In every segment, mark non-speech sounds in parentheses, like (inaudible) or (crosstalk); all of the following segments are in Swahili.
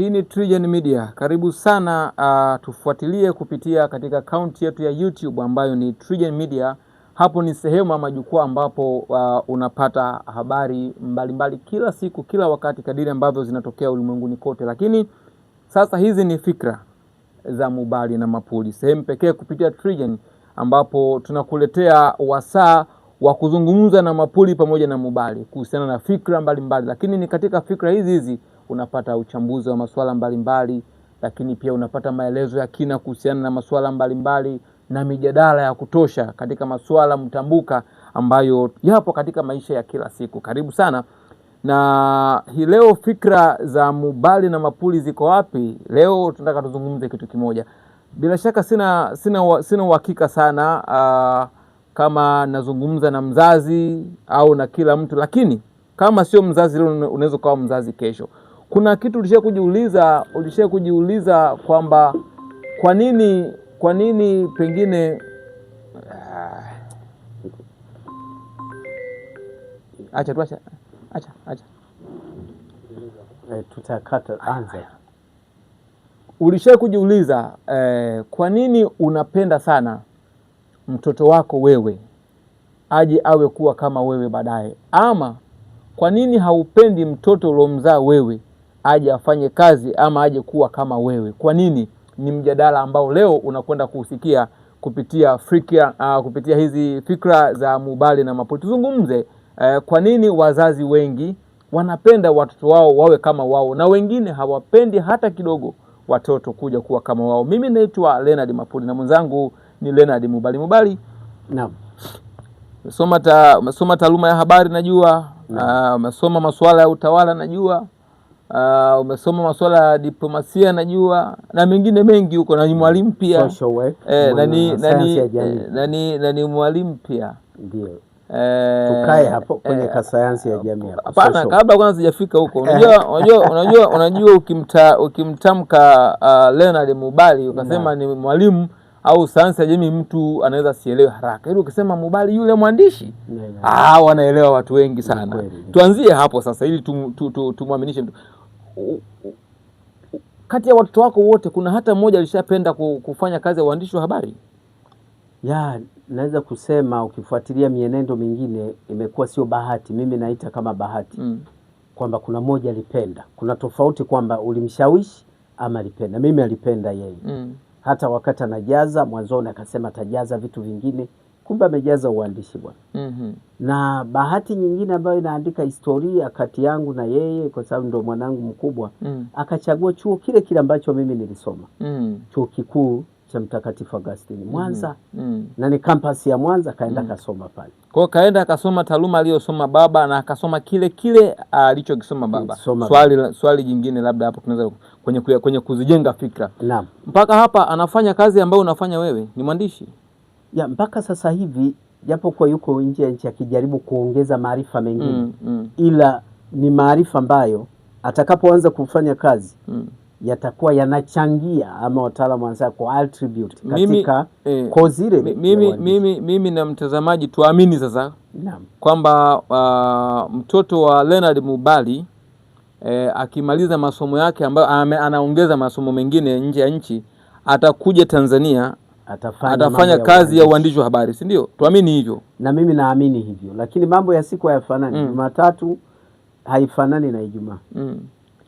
Hii ni TriGen Media. Karibu sana uh, tufuatilie kupitia katika akaunti yetu ya YouTube ambayo ni TriGen Media. Hapo ni sehemu ama jukwaa ambapo uh, unapata habari mbalimbali mbali, kila siku kila wakati kadiri ambavyo zinatokea ulimwenguni kote. Lakini sasa hizi ni fikra za Mubali na Mapuli, sehemu pekee kupitia TriGen ambapo tunakuletea wasaa wa kuzungumza na Mapuli pamoja na Mubali kuhusiana na fikra mbalimbali mbali. Lakini ni katika fikra hizi hizi unapata uchambuzi wa masuala mbalimbali, lakini pia unapata maelezo ya kina kuhusiana na masuala mbalimbali na mijadala ya kutosha katika masuala mtambuka ambayo yapo katika maisha ya kila siku. Karibu sana na hii leo, fikra za Mubali na Mapuli ziko wapi? Leo tunataka tuzungumze kitu kimoja. Bila shaka sina sina sina uhakika sana uh, kama nazungumza na mzazi au na kila mtu, lakini kama sio mzazi leo, unaweza ukawa mzazi kesho. Kuna kitu ulishia kujiuliza, ulishia kujiuliza kwamba kwa nini, kwa nini pengine ah, acha tu, acha acha acha, eh, tutakata anza. Ulishia kujiuliza eh, kwa nini unapenda sana mtoto wako wewe aje awe kuwa kama wewe baadaye, ama kwa nini haupendi mtoto uliomzaa wewe aje afanye kazi ama aje kuwa kama wewe. Kwa nini? Ni mjadala ambao leo unakwenda kuusikia kupitia fikra, uh, kupitia hizi fikra za Mubali na Mapoli. Tuzungumze uh, kwa nini wazazi wengi wanapenda watoto wao wawe kama wao na wengine hawapendi hata kidogo watoto kuja kuwa kama wao. Mimi naitwa Leonard mapuli na mwenzangu ni Leonard Mubali. Mubali, naam, umesoma ta, umesoma taaluma ya habari najua, ah, umesoma masuala ya utawala najua Uh, umesoma masuala ya diplomasia najua, na mengine mengi huko, na ni mwalimu pia eh, eh na ni mwalimu pia eh, tukae hapo eh, kwenye kasayansi ya jamii. Hapana, kabla kwanza sijafika huko, unajua (laughs) unajua, ukimtamka uh, Leonard Mubali ukasema ni mwalimu au sayansi ya jamii, mtu anaweza asielewe haraka, ili yaani ukisema Mubali yule mwandishi ah, wanaelewa watu wengi sana. Tuanzie hapo sasa, ili tumwaminishe mtu kati ya watoto wako wote kuna hata mmoja alishapenda kufanya kazi ya uandishi wa habari? Ya, naweza kusema ukifuatilia mienendo mingine imekuwa sio bahati, mimi naita kama bahati mm. kwamba kuna mmoja alipenda. Kuna tofauti kwamba ulimshawishi ama alipenda. Mimi alipenda yeye mm. hata wakati anajaza mwanzoni akasema atajaza vitu vingine kumbe amejaza uandishi bwana. mm -hmm. Na bahati nyingine ambayo inaandika historia kati yangu na yeye, kwa sababu ndo mwanangu mkubwa mm -hmm. akachagua chuo kile kile ambacho mimi nilisoma mm -hmm. chuo kikuu cha Mtakatifu Agustini Mwanza mm -hmm. na ni kampasi ya Mwanza, kaenda mm -hmm. kasoma pale kwao, kaenda akasoma taaluma aliyosoma baba na akasoma kile kile ah, alichokisoma baba. Mm, swali, swali jingine labda hapo tunaweza kwenye, kwenye kuzijenga fikra. Naam. Mpaka hapa anafanya kazi ambayo unafanya wewe, ni mwandishi ya mpaka sasa hivi japo kwa yuko nje ya nchi akijaribu kuongeza maarifa mengine mm, mm. ila ni maarifa ambayo atakapoanza kufanya kazi mm. yatakuwa yanachangia ama wataalamu wanasema ku attribute katika mimi, eh, kozi ile mimi, mimi, mimi na mtazamaji tuamini sasa kwamba uh, mtoto wa Leonard Mubali eh, akimaliza masomo yake ambayo anaongeza masomo mengine nje ya nchi atakuja Tanzania atafanya, atafanya kazi ya uandishi wa habari, si ndio? Tuamini hivyo, na mimi naamini hivyo, lakini mambo ya siku hayafanani. Mm. Jumatatu mm. haifanani na Ijumaa mm.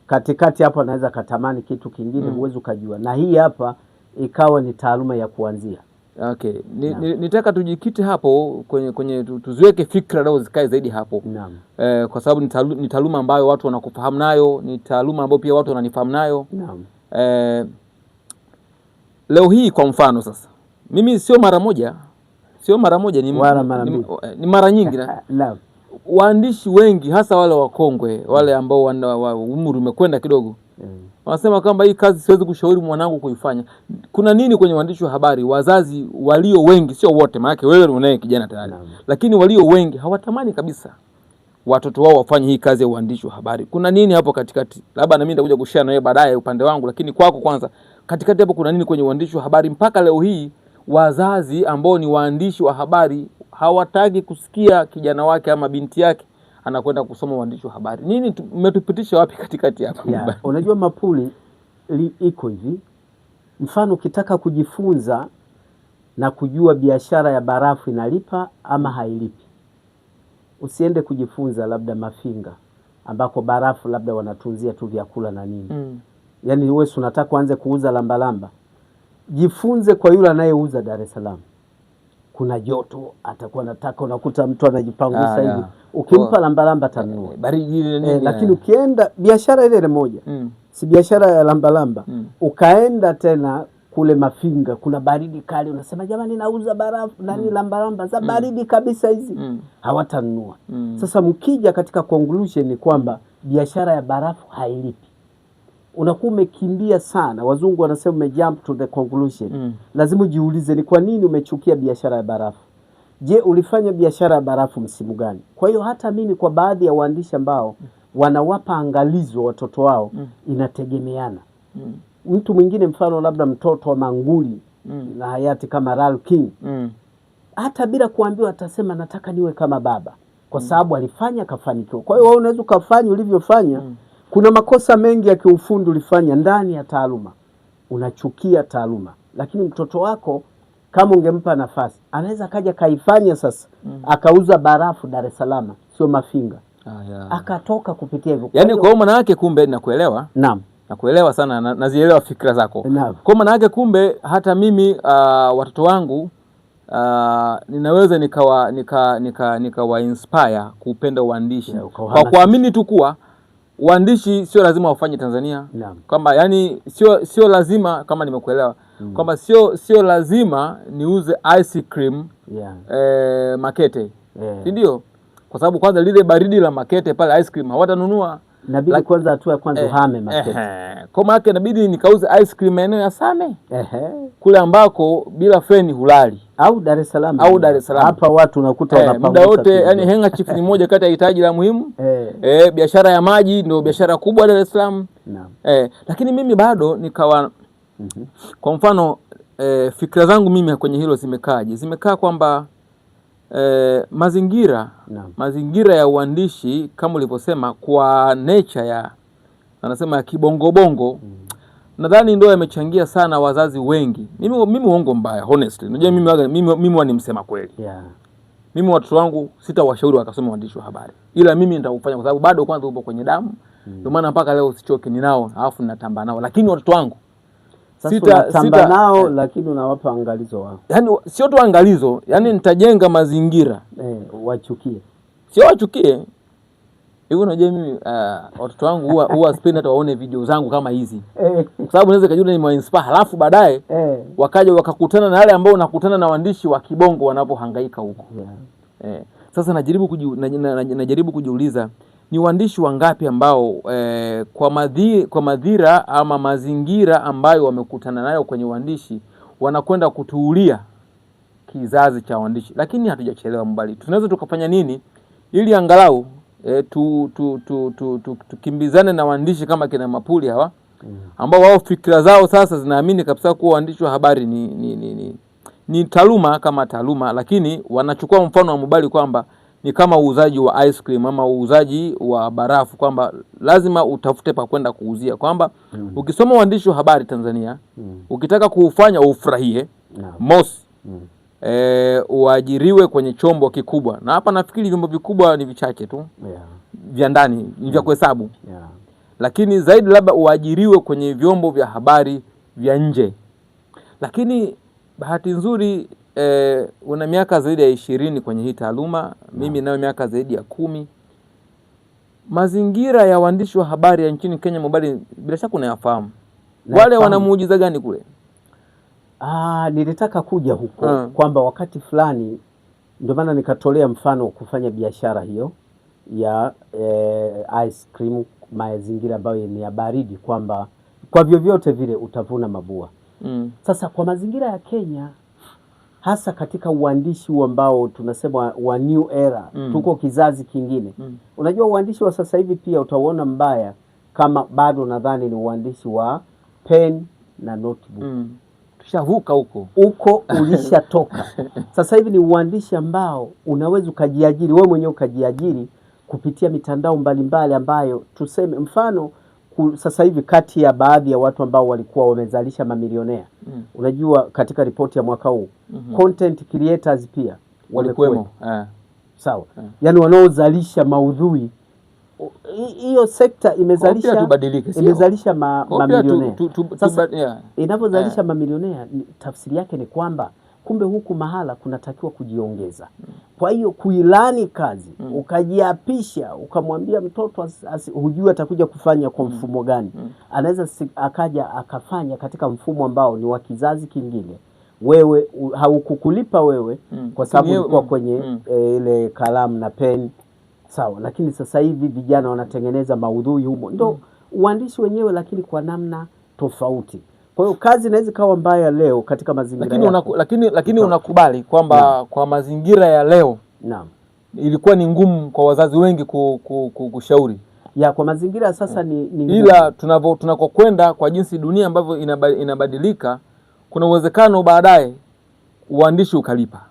katikati hapo anaweza katamani kitu kingine, mm. huwezi mm. ukajua, na hii hapa ikawa ni taaluma ya kuanzia. Okay, ni, ni, nitaka tujikite hapo kwenye, kwenye tuziweke fikra leo zikae zaidi hapo eh, kwa sababu ni taaluma ambayo watu wanakufahamu nayo, ni taaluma ambayo pia watu wananifahamu nayo eh, leo hii kwa mfano sasa mimi sio mara moja, sio mara moja, ni, mara, ni, eh, ni mara nyingi na (laughs) waandishi wengi hasa wale wakongwe wale ambao wa umri umekwenda kidogo mm. wanasema kwamba hii kazi siwezi kushauri mwanangu kuifanya. Kuna nini kwenye waandishi wa habari? Wazazi walio wengi, sio wote, maanake wewe unaye kijana tayari, lakini walio wengi hawatamani kabisa watoto wao wafanye hii kazi ya uandishi wa habari. Kuna nini hapo katikati? Labda na mimi nitakuja kushare na wewe baadaye upande wangu, lakini kwako kwanza, katikati hapo kuna nini kwenye uandishi wa habari mpaka leo hii wazazi ambao ni waandishi wa habari hawataki kusikia kijana wake ama binti yake anakwenda kusoma uandishi wa habari. Nini mmetupitisha wapi katikati hapa? Yeah, unajua mapuli li, iko hivi. Mfano, ukitaka kujifunza na kujua biashara ya barafu inalipa ama hailipi, usiende kujifunza labda Mafinga ambako barafu labda wanatunzia tu vyakula na nini mm. Yaani wewe unataka uanze kuuza lambalamba lamba jifunze kwa yule anayeuza Dar es Salaam. Kuna joto atakuwa nataka, unakuta mtu anajipangusa ah, hivi ukimpa oh. lambalamba tanua eh, baridi ile, eh, lakini eh. ukienda biashara ile ile moja mm. si biashara ya lambalamba mm. ukaenda tena kule Mafinga kuna baridi kali, unasema jamani, nauza barafu nani mm. lambalamba za mm. baridi kabisa hizi mm. hawatanunua mm. Sasa mkija katika conclusion ni kwamba biashara ya barafu hailipi unakuwa umekimbia sana. Wazungu wanasema ume jump to the conclusion mm. Lazima ujiulize ni kwa nini umechukia biashara ya barafu. Je, ulifanya biashara ya barafu msimu gani? Kwa hiyo hata mimi kwa baadhi ya waandishi ambao mm. wanawapa angalizo watoto wao mm. inategemeana mm. mtu mwingine, mfano labda mtoto wa Manguli mm. na hayati kama Ral King mm. hata bila kuambiwa atasema nataka niwe kama baba, kwa mm. sababu alifanya akafanikiwa. Kwa hiyo wewe unaweza ukafanya ulivyofanya mm. Kuna makosa mengi ya kiufundi ulifanya ndani ya taaluma, unachukia taaluma, lakini mtoto wako kama ungempa nafasi anaweza akaja kaifanya sasa mm. akauza barafu Dar es Salaam, sio Mafinga. ah, akatoka kupitia hivyo, yaani kwa maana yake kumbe, nakuelewa naam, nakuelewa sana na, nazielewa fikra zako naam. Kwa maana yake kumbe hata mimi uh, watoto wangu Uh, ninaweza nikawa nika, nika, nika, nika wa inspire kupenda uandishi kwa kuamini tu kuwa waandishi sio lazima wafanye Tanzania Kwamba yani sio sio lazima kama nimekuelewa mm. Kwamba sio sio lazima niuze ice cream yeah. Eh, Makete yeah. Ndio kwa sababu kwanza lile baridi la Makete pale ice cream hawatanunua inabidi kwanza hatua ya kwanza eh, uhame market eh, kwa maana inabidi nikauze ice cream eneo ya Same eh, kule ambako bila feni hulali au Dar es Salaam au Dar es Salaam. Hapa watu unakuta eh, wanapanga muda wote yani Henga Chief ni moja kati ya hitaji la muhimu (laughs) eh, eh biashara ya maji ndio mm-hmm. biashara kubwa Dar es Salaam naam eh, lakini mimi bado nikawa mm -hmm. kwa mfano eh, fikra zangu mimi kwenye hilo zimekaaje? Zimekaa kwamba eh, mazingira na. Mazingira ya uandishi kama ulivyosema kwa nature ya anasema ya kibongobongo mm. Nadhani ndo yamechangia sana wazazi wengi. Mimi mimi uongo mbaya honestly, unajua mimi mimi mimi wani msema kweli yeah. Mimi watoto wangu sitawashauri wakasome uandishi wa habari, ila mimi nitakufanya kwa sababu bado kwanza upo kwenye damu, mm. ndio maana mpaka leo sichoki ninao, alafu ninatamba nao, lakini watoto wangu sita nao, eh. lakini unawapa angalizo wao, yani sio tu angalizo, yani nitajenga mazingira eh, wachukie, sio wachukie hivyo. Unajua mimi uh, watoto wangu huwa huwa spend hata waone video zangu kama hizi eh, kwa sababu naweza kujua mwainspa, halafu baadaye eh, wakaja wakakutana na wale ambao unakutana na waandishi wa kibongo wanapohangaika huko yeah. eh, sasa najaribu kuji, najaribu kujiuliza ni waandishi wangapi ambao eh, kwa, madhi, kwa madhira ama mazingira ambayo wamekutana nayo kwenye uandishi wanakwenda kutuulia kizazi cha waandishi, lakini hatujachelewa mbali. Tunaweza tukafanya nini ili angalau eh, tu, tu, tu, tu, tu, tukimbizane na waandishi kama kina Mapuli hawa mm. ambao wao fikra zao sasa zinaamini kabisa kuwa waandishi wa habari ni, ni, ni, ni, ni taaluma kama taaluma, lakini wanachukua mfano wa Mubali kwamba ni kama uuzaji wa ice cream ama uuzaji wa barafu, kwamba lazima utafute pa kwenda kuuzia, kwamba mm. ukisoma uandishi wa habari Tanzania mm. ukitaka kuufanya ufurahie no. Mosi mm. e, uajiriwe kwenye chombo kikubwa, na hapa nafikiri vyombo vikubwa ni vichache tu yeah. vya ndani ni vya mm. kuhesabu yeah. lakini zaidi labda uajiriwe kwenye vyombo vya habari vya nje, lakini bahati nzuri e, una miaka zaidi ya ishirini kwenye hii taaluma, mimi nayo miaka zaidi ya kumi. Mazingira ya waandishi wa habari ya nchini Kenya Mobali bila shaka unayafahamu. Wale wana muujiza gani kule? Ah, nilitaka kuja huko hmm, kwamba wakati fulani ndio maana nikatolea mfano kufanya biashara hiyo ya eh, ice cream mazingira ambayo ni ya baridi, kwamba kwa vyovyote vile utavuna mabua mm. Sasa kwa mazingira ya Kenya hasa katika uandishi ambao tunasema wa new era mm. Tuko kizazi kingine mm. Unajua uandishi wa sasa hivi pia utauona mbaya kama bado nadhani ni uandishi wa pen na notebook mm. Tushavuka huko huko, (laughs) ulishatoka sasa hivi ni uandishi ambao unaweza ukajiajiri wewe mwenyewe ukajiajiri kupitia mitandao mbalimbali mbali ambayo tuseme mfano sasa hivi kati ya baadhi ya watu ambao walikuwa wamezalisha mamilionea mm. Unajua, katika ripoti ya mwaka huu mm -hmm. content creators pia walikuwemo eh. Sawa eh. Yani wanaozalisha maudhui hiyo sekta imezalisha imezalisha mamilionea. Sasa inavyozalisha eh. mamilionea, tafsiri yake ni kwamba kumbe huku mahala kunatakiwa kujiongeza. Hmm. Kwa hiyo kuilani kazi mm. ukajiapisha ukamwambia mtoto hujui atakuja kufanya kwa hmm. mfumo gani mm. anaweza akaja akafanya katika mfumo ambao ni wa kizazi kingine wewe haukukulipa wewe mm. kwa sababu ulikuwa kwenye mm. E, ile kalamu na peni sawa, lakini sasa hivi vijana wanatengeneza maudhui humo, ndo mm. uandishi wenyewe, lakini kwa namna tofauti. Kwa hiyo kazi inaweza ikawa mbaya leo katika mazingira lakini, unaku, lakini, lakini unakubali kwamba kwa mazingira ya leo naam, ilikuwa ni ngumu kwa wazazi wengi kushauri ya kwa mazingira sasa ni, ni ila tunavyo tunakokwenda kwa jinsi dunia ambavyo inabadilika, kuna uwezekano baadaye uandishi ukalipa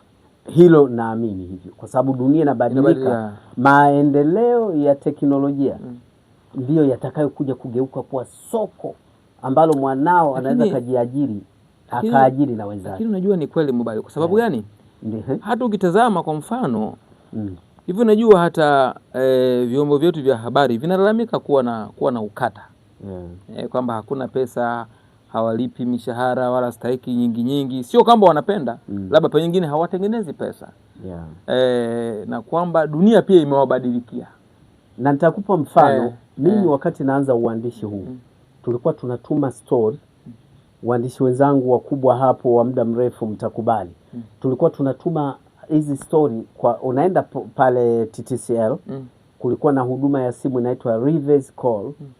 hilo. Naamini hivyo kwa sababu dunia inabadilika, maendeleo ya teknolojia mm. ndiyo mm, yatakayokuja kugeuka kuwa soko ambalo mwanao anaweza kujiajiri akaajiri na wenzake. Lakini unajua ni kweli mbali kwa sababu eh. gani? yeah. hata ukitazama kwa mfano mm. hivi unajua hata e, vyombo vyetu vya habari vinalalamika kuwa na, kuwa na ukata yeah. e, kwamba hakuna pesa hawalipi mishahara wala stahiki nyingi nyingi, sio kwamba wanapenda mm. labda nyingine hawatengenezi pesa yeah. E, na kwamba dunia pia imewabadilikia, na nitakupa mfano e, mimi e. wakati naanza uandishi huu mm tulikuwa tunatuma story waandishi wenzangu wakubwa hapo wa muda mrefu mtakubali, mm. tulikuwa tunatuma hizi story kwa, unaenda pale TTCL mm. kulikuwa na huduma ya simu inaitwa reverse call mm.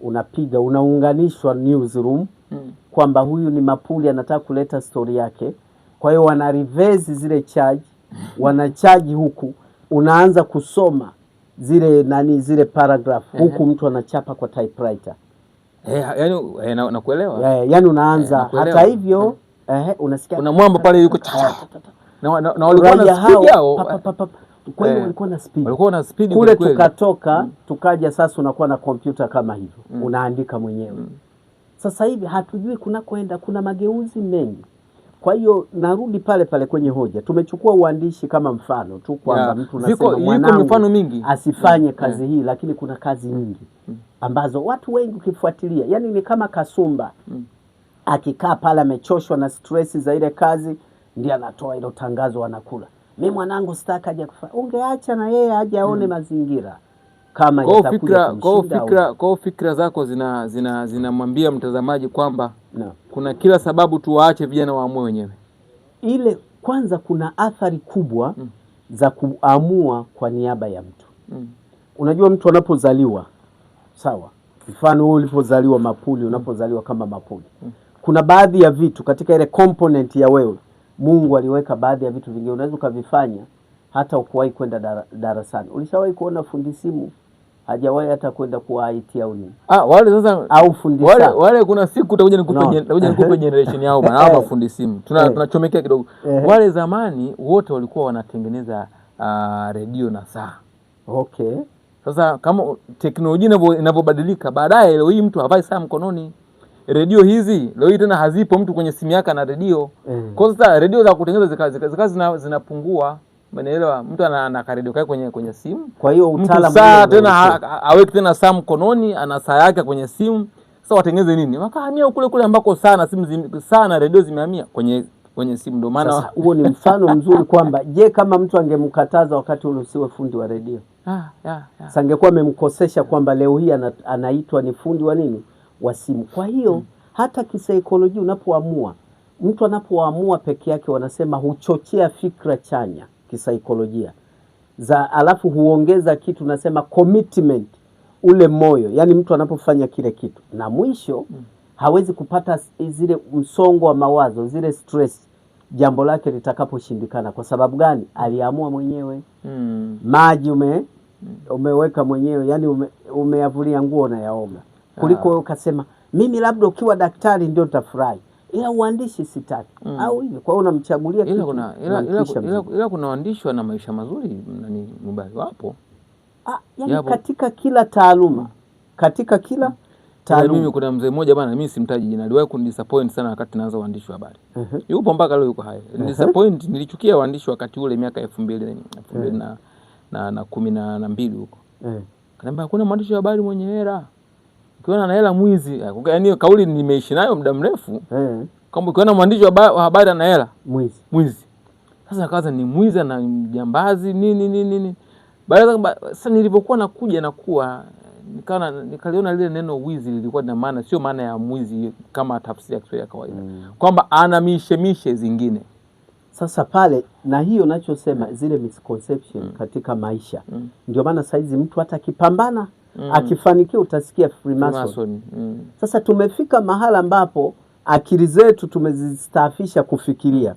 unapiga, unaunganishwa newsroom mm. kwamba huyu ni Mapuli anataka kuleta story yake, kwa hiyo wana reverse zile charge (laughs) charge huku, unaanza kusoma zile nani zile paragraph huku mtu anachapa kwa typewriter. Eh, yani eh, eh, yani unaanza hata hivyo, unasikia kuna mwamba pale yuko na walikuwa na speed yao kweli, walikuwa na speed, walikuwa na speed kule. Tukatoka mm. tukaja, sasa unakuwa na kompyuta kama hivyo, mm. unaandika mwenyewe. Mm. Sasa hivi hatujui kunakoenda, kuna mageuzi mengi. Kwa hiyo narudi pale pale kwenye hoja, tumechukua uandishi kama mfano tu kwamba mtu anasema mwanangu asifanye kazi hii, lakini kuna kazi nyingi ambazo watu wengi ukifuatilia, yani ni kama kasumba mm. akikaa pale amechoshwa na stress za ile kazi, ndio anatoa ile tangazo, anakula mi mwanangu sitaka aje kufa. Ungeacha na yeye aje aone mm. mazingira kama kwa fikra, Kwa kwa fikra zako zinamwambia zina, zina mtazamaji kwamba no. kuna kila sababu tuwaache vijana waamue wenyewe. Ile kwanza, kuna athari kubwa mm. za kuamua kwa niaba ya mtu mm. Unajua, mtu anapozaliwa sawa. Mfano wewe ulipozaliwa mapuli, unapozaliwa kama mapuli, hmm. kuna baadhi ya vitu katika ile component ya wewe, Mungu aliweka baadhi ya vitu vingine unaweza ukavifanya hata ukuwahi kwenda darasani. Ulishawahi kuona fundi simu hajawahi hata kwenda kuwa IT au nini? Ah, wale sasa au fundi wale, wale kuna siku utakuja nikupe utakuja nikupe generation yao bana, (laughs) hapa fundi simu tuna eh. tunachomekea kidogo. Eh. Wale zamani wote walikuwa wanatengeneza uh, redio na saa. Okay. Sasa kama teknolojia inavyobadilika, baadaye leo hii mtu havai saa mkononi, redio hizi leo hii tena hazipo, mtu kwenye simu yake ana redio mm. Kwa sasa redio za kutengeneza zikawa zinapungua, umeelewa? Mtu ana redio kae kwenye, kwenye simu. Kwa hiyo utaalamu saa tena aweki tena saa mkononi, ana saa yake kwenye simu. Sasa watengeneze nini? Wakahamia kule kule ambako saa na simu sana redio zimehamia kwenye kwenye simu. Ndio maana huo ni mfano mzuri kwamba je, kama mtu angemkataza wakati ule usiwe fundi wa redio ah, yeah, yeah. Sangekuwa amemkosesha kwamba leo hii anaitwa ni fundi wa nini wa simu. Kwa hiyo hmm. hata kisaikolojia unapoamua mtu anapoamua peke yake, wanasema huchochea fikra chanya kisaikolojia za, alafu huongeza kitu nasema commitment, ule moyo, yani mtu anapofanya kile kitu na mwisho mm hawezi kupata zile msongo wa mawazo, zile stress jambo lake litakaposhindikana. Kwa sababu gani? Aliamua mwenyewe mm. maji ume, hmm. umeweka mwenyewe yani ume, umeyavulia nguo yaoga kuliko wewe ah. ukasema mimi labda ukiwa daktari ndio nitafurahi, ila uandishi sitaki mm. au hivyo. Kwa hiyo unamchagulia, ila kuna ila, ila, ila, ila kuna waandishi wana maisha mazuri nani, Mubali wapo ah, yani katika kila taaluma katika kila mm. Yaani mimi kuna mzee mmoja bana, mimi simtaji jina, aliwahi kunidisappoint sana wakati naanza uandishi wa habari. uh mhm. -huh. Yupo mpaka leo yuko hai. uh mhm. -huh. Disappoint, nilichukia uandishi wakati ule miaka elfu mbili uh mhm. -huh. na, na, na kumi na mbili huko uh -huh. Kaniambia hakuna mwandishi wa habari mwenye hela, ukiona ana hela mwizi. Ah, yaani kauli nimeishi nayo muda mrefu uh -huh. Kama ukiona mwandishi wa habari ana hela mwizi, mwizi. Sasa kaza ni mwizi na mjambazi nini nini nini. Baada sasa nilipokuwa nakuja nakuwa nikaliona lile neno wizi lilikuwa lina maana, sio maana ya mwizi kama tafsiri ya Kiswahili ya kawaida mm. kwamba ana mishemishe zingine. Sasa pale na hiyo nachosema mm. zile misconception mm. katika maisha mm. ndio maana saizi mtu hata akipambana mm. akifanikiwa utasikia Freemason mm. Sasa tumefika mahala ambapo akili zetu tumezistaafisha kufikiria,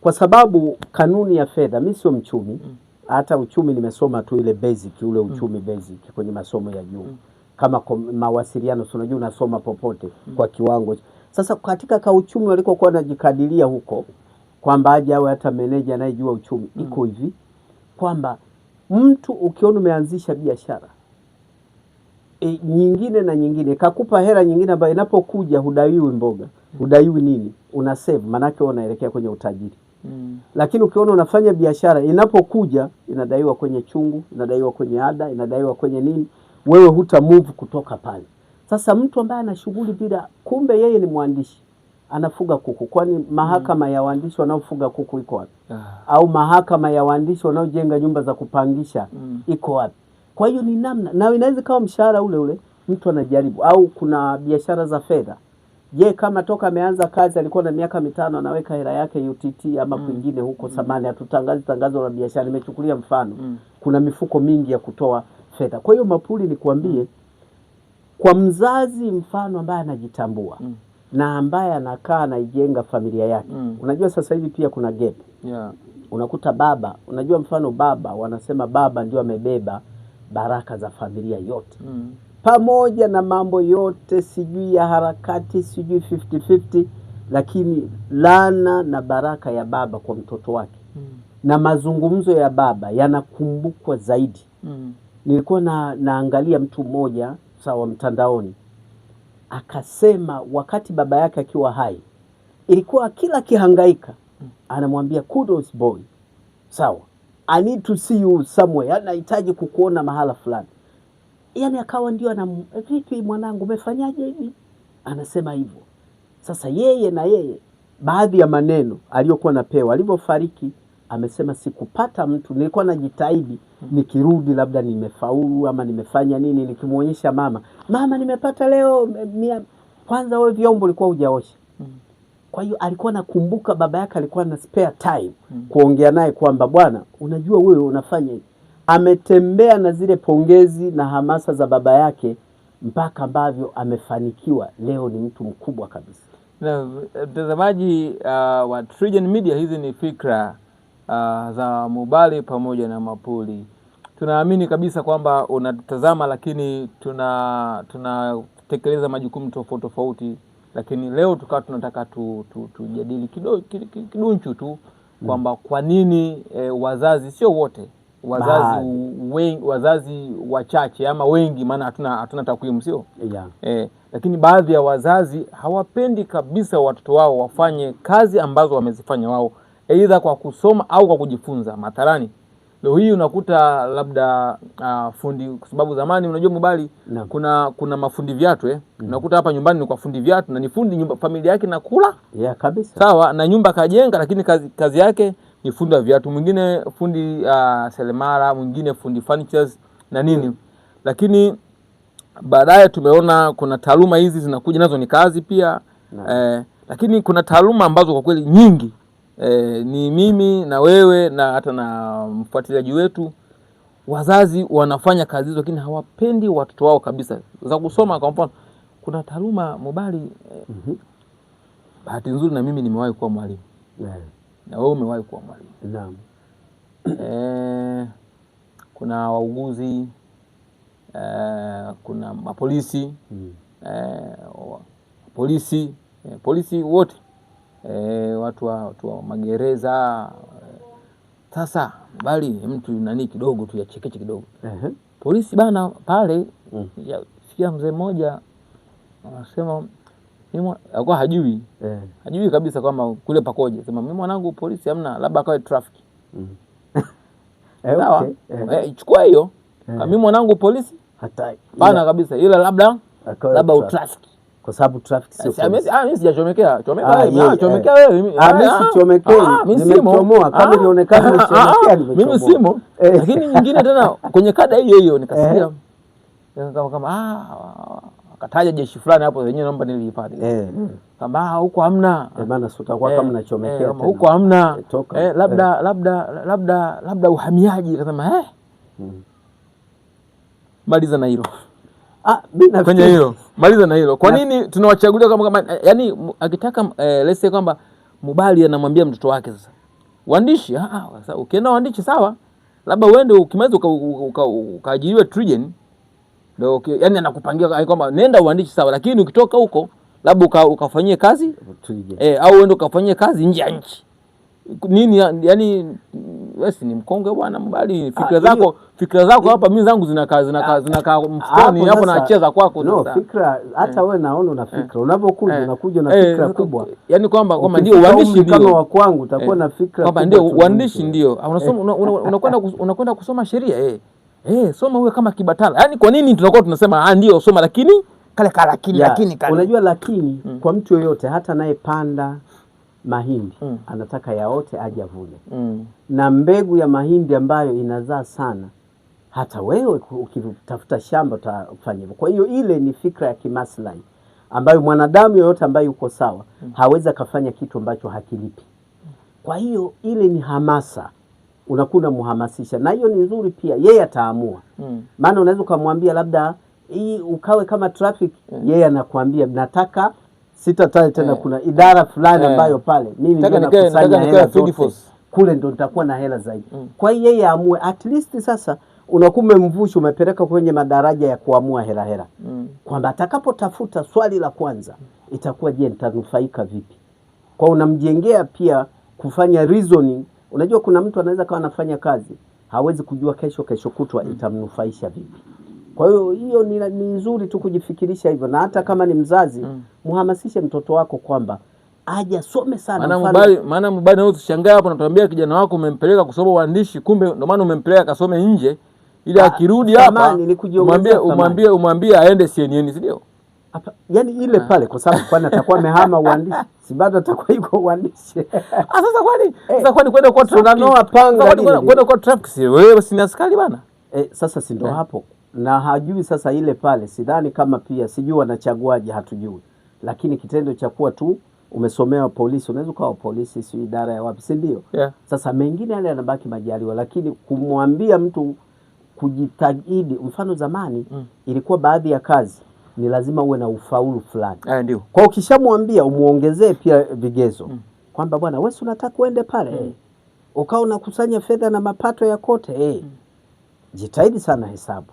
kwa sababu kanuni ya fedha, mi sio mchumi mm hata uchumi nimesoma tu ile basic, ule mm. uchumi mm. basic kwenye masomo ya juu mm. kama mawasiliano, si unajua unasoma popote mm. kwa kiwango. Sasa katika ka uchumi walikokuwa wanajikadiria huko kwamba aje awe hata meneja anayejua uchumi mm. iko hivi kwamba mtu ukiona umeanzisha biashara e, nyingine na nyingine kakupa hela nyingine ambayo inapokuja hudaiwi mboga, hudaiwi nini, una save, maanake unaelekea kwenye utajiri mm. Lakini ukiona unafanya biashara inapokuja inadaiwa kwenye chungu, inadaiwa kwenye ada, inadaiwa kwenye nini, wewe huta move kutoka pale. Sasa mtu ambaye ana shughuli bila, kumbe yeye ni mwandishi anafuga kuku, kwani mahakama mm. ya waandishi wanaofuga kuku iko wapi? ah. au mahakama ya waandishi wanaojenga nyumba za kupangisha mm. iko wapi? Kwa hiyo ni namna, na inaweza kawa mshahara ule ule mtu anajaribu, au kuna biashara za fedha ye kama toka ameanza kazi alikuwa na miaka mitano anaweka hela yake UTT ama mm. kwingine huko mm. samani, atutangazi tangazo la biashara, nimechukulia mfano mm. kuna mifuko mingi ya kutoa fedha. Kwa hiyo Mapuli, nikuambie mm. kwa mzazi mfano ambaye anajitambua mm. na ambaye anakaa anaijenga familia yake mm. unajua sasa hivi pia kuna gap yeah. unakuta baba, unajua mfano baba, wanasema baba ndio amebeba baraka za familia yote mm pamoja na mambo yote, sijui ya harakati, sijui 50-50, lakini laana na baraka ya baba kwa mtoto wake mm. na mazungumzo ya baba yanakumbukwa zaidi mm. Nilikuwa na, naangalia mtu mmoja sawa mtandaoni akasema wakati baba yake akiwa hai ilikuwa kila kihangaika mm. anamwambia kudos boy, sawa, I need to see you somewhere, anahitaji yaani kukuona mahala fulani yani akawa ndio anam vipi, mwanangu umefanyaje hivi, anasema hivyo. Sasa yeye na yeye, baadhi ya maneno aliyokuwa napewa, alivyofariki amesema sikupata mtu, nilikuwa najitahidi nikirudi, labda nimefaulu ama nimefanya nini, nikimwonyesha mama, mama, nimepata leo mia. Kwanza wewe vyombo ulikuwa hujaosha kwa hiyo alikuwa nakumbuka baba yake alikuwa na spare time mm. kuongea naye kwamba bwana, unajua wewe unafanya hivi ametembea na zile pongezi na hamasa za baba yake mpaka ambavyo amefanikiwa, leo ni mtu mkubwa kabisa. Na mtazamaji uh, wa Trigen Media, hizi ni fikra uh, za Mubali pamoja na Mapuli. Tunaamini kabisa kwamba unatutazama, lakini tuna tunatekeleza majukumu tofauti tofauti, lakini leo tukawa tunataka tu, tu, tujadili kidunchu tu kwamba kwa nini eh, wazazi sio wote wazazi wengi, wazazi wachache ama wengi, maana hatuna hatuna takwimu sio, yeah. Eh, lakini baadhi ya wazazi hawapendi kabisa watoto wao wafanye kazi ambazo wamezifanya wao, aidha kwa kusoma au kwa kujifunza. Mathalani leo hii unakuta labda uh, fundi, kwa sababu zamani unajua mubali no. kuna kuna mafundi viatu eh? mm. unakuta hapa nyumbani ni kwa fundi viatu na ni fundi, nyumba familia yake nakula yeah, kabisa sawa na nyumba kajenga, lakini kazi, kazi yake ni fundi wa viatu, mwingine fundi uh, selemara, mwingine fundi furnitures na nini, lakini baadaye tumeona kuna taaluma hizi zinakuja nazo ni kazi pia eh, lakini kuna taaluma ambazo kwa kweli nyingi eh, ni mimi na wewe na hata na mfuatiliaji wetu wazazi wanafanya kazi hizo lakini hawapendi watoto wao kabisa za kusoma. Kwa mfano, kuna taaluma mobali eh, mm -hmm. Bahati nzuri na mimi nimewahi kuwa mwalimu yeah na wewe umewahi kuwa mwalimu. Naam. E, kuna wauguzi e, kuna mapolisi mm. e, polisi e, polisi wote e, watu wa, watu wa magereza sasa bali mtu nani kidogo tu yachekeche kidogo uh -huh. Polisi bana pale mm. ya Sikia mzee mmoja anasema alikuwa hajui yeah. hajui kabisa kwamba kule pakoje. Sema mimi mwanangu polisi hamna, labda akawe traffic mm. (laughs) eh, sawa okay. eh. eh, chukua hiyo yeah. Eh. mimi mwanangu polisi hatai pana kabisa, ila labda labda utraffic kwa sababu traffic sio. ah, Mimi sijachomekea, chomekea ah, wewe. Ah, mimi mimi eh. ah, mimi ah, si chomekei nimechomoa kama inaonekana nimechomoa, mimi simo. Eh. Lakini nyingine tena kwenye kada hiyo hiyo nikasikia kama kama ah kataja jeshi fulani hapo, wenyewe naomba nilihifadhi eh, eh. kama ah, huko hamna eh, maana sio utakuwa eh, kama nachomekea eh, huko hamna eh, eh, labda eh, labda labda labda labda uhamiaji, akasema eh hmm. Maliza na hilo ah, bina kwenye hilo maliza na hilo. Kwa nini tunawachagulia kama kama eh, yani, akitaka eh, let's say kwamba Mubali anamwambia mtoto wake sasa, waandishi ah, ah ukienda waandishi sawa, labda uende ukimaliza ukaajiriwe uka, uka, uka, uka, uka, ndio okay. Yani anakupangia kwamba nenda uandike sawa, lakini ukitoka huko labda uka, ukafanyie kazi eh, au uende ukafanyie kazi nje ya nchi nini, yani wewe ni mkongwe bwana, mbali ah, fikra zako fikra zako hapa, mimi zangu zinakaa zinakaa zinakaa ah, mfukoni hapo, nacheza kwako. No, fikra hata eh. wewe naona una fikra, eh. unapokuja eh. unakuja na fikra kubwa, yani kwamba kwamba ndio uandishi ndio kama wa kwangu utakuwa na fikra kwamba ndio uandishi ndio ah, unasoma unakwenda unakwenda kusoma sheria eh eh, soma uwe kama kibatala. Yaani kwa nini tunakuwa tunasema ah, ndio soma lakini kale kale lakini yeah. lakini kale. Unajua lakini mm. kwa mtu yoyote hata anayepanda mahindi mm. anataka yaote aje avune mm. na mbegu ya mahindi ambayo inazaa sana hata wewe ukitafuta shamba utafanya hivyo. Kwa hiyo ile ni fikra ya kimaslahi ambayo mwanadamu yoyote ambaye yuko sawa hmm. hawezi akafanya kitu ambacho hakilipi. Kwa hiyo ile ni hamasa unakuna muhamasisha, na hiyo ni nzuri pia, yeye ataamua mm. maana mm. unaweza ukamwambia labda hii ukawe kama traffic mm. yeye anakuambia nataka sitatae tena yeah. kuna idara fulani eh. ambayo yeah. pale mimi ndio nakusanya hela kule ndo nitakuwa na hela zaidi mm. kwa hiyo yeye aamue at least sasa unakume mvushi umepeleka kwenye madaraja ya kuamua hela hela mm. kwamba atakapotafuta swali la kwanza itakuwa je, nitanufaika vipi? Kwa unamjengea pia kufanya reasoning Unajua kuna mtu anaweza kawa anafanya kazi hawezi kujua kesho kesho kutwa mm. itamnufaisha vipi. Kwa hiyo hiyo ni, ni nzuri tu kujifikirisha hivyo, na hata kama ni mzazi muhamasishe mm. mtoto wako kwamba aje asome sana, maana mubali na tushangaa hapo, natuambia kijana wako umempeleka kusoma uandishi, kumbe ndio maana umempeleka kasome nje, ili ah, akirudi hapa umwambie umwambie aende CNN, si ndio? Apa, yani ile ha. Ah. Pale kwa sababu kwani atakuwa amehama uandishi, si bado atakuwa yuko uandishi. Ah, Sasa kwani eh. sasa kwani kwenda kwa tunanoa panga kwani kwenda kwa traffic, si wewe si askari bana eh? Sasa si ndo eh. hapo na hajui sasa ile pale, sidhani kama pia sijui wanachaguaje, hatujui, lakini kitendo cha kuwa tu umesomewa polisi, unaweza ukawa polisi, si idara ya wapi, si ndio? yeah. Sasa mengine yale yanabaki majaliwa, lakini kumwambia mtu kujitahidi, mfano zamani mm. ilikuwa baadhi ya kazi ni lazima uwe na ufaulu fulani. Eh, ndio. Kwa ukishamwambia umuongezee pia vigezo mm. kwamba bwana wewe unataka uende pale mm. ukawa unakusanya fedha na mapato ya kote eh. mm. jitahidi sana hesabu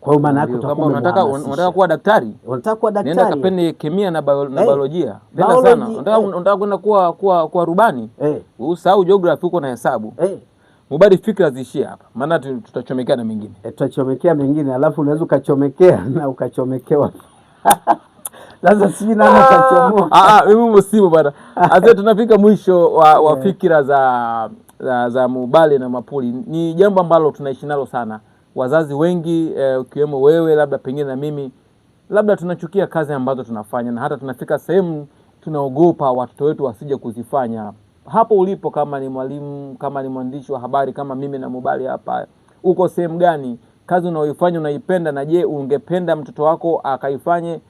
kwa hiyo maana yako utakuwa unataka unataka kuwa daktari, unataka kuwa daktari, nenda kapende kemia na eh. biolojia, nenda sana, eh. unataka kwenda kuwa kuwa rubani, usahau geography huko na hesabu hey. Mubadi, fikra ziishie hapa, maana tutachomekea na mengine e, tutachomekea mengine, alafu unaweza ukachomekea (laughs) na ukachomekewa (laughs) sasa si nani kachomoa? Ah, mimi ah, ah, msimu bana. Sasa (laughs) tunafika mwisho wa, wa eh. fikira za, za, za Mubali na Mapuli. Ni jambo ambalo tunaishi nalo sana wazazi wengi eh, ukiwemo wewe labda pengine na mimi labda tunachukia kazi ambazo tunafanya na hata tunafika sehemu tunaogopa watoto wetu wasije kuzifanya hapo ulipo, kama ni mwalimu, kama ni mwandishi wa habari, kama mimi na Mubali hapa, uko sehemu gani? Kazi unaoifanya unaipenda? Na je, ungependa mtoto wako akaifanye?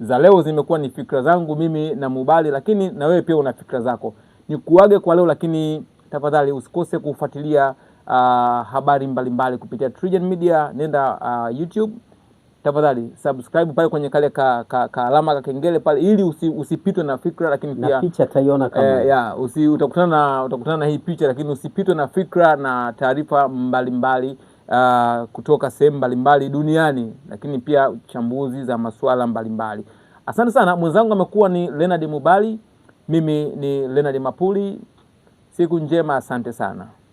Za leo zimekuwa ni fikra zangu mimi na Mubali, lakini na wewe pia una fikra zako. kuage kwa leo, lakini tafadhali usikose kufuatilia uh, habari mbalimbali mbali kupitia TriGen Media. Nenda uh, YouTube tafadhali subscribe pale kwenye kale ka, ka, ka alama ka kengele pale ili usi, usipitwe na fikra, lakini na pia picha taiona kama eh, ya, usi, utakutana na utakutana na hii picha, lakini usipitwe na fikra na taarifa mbalimbali uh, kutoka sehemu mbalimbali duniani, lakini pia chambuzi za masuala mbalimbali. Asante sana mwenzangu, amekuwa ni Leonard Mubali, mimi ni Leonard Mapuli. Siku njema, asante sana.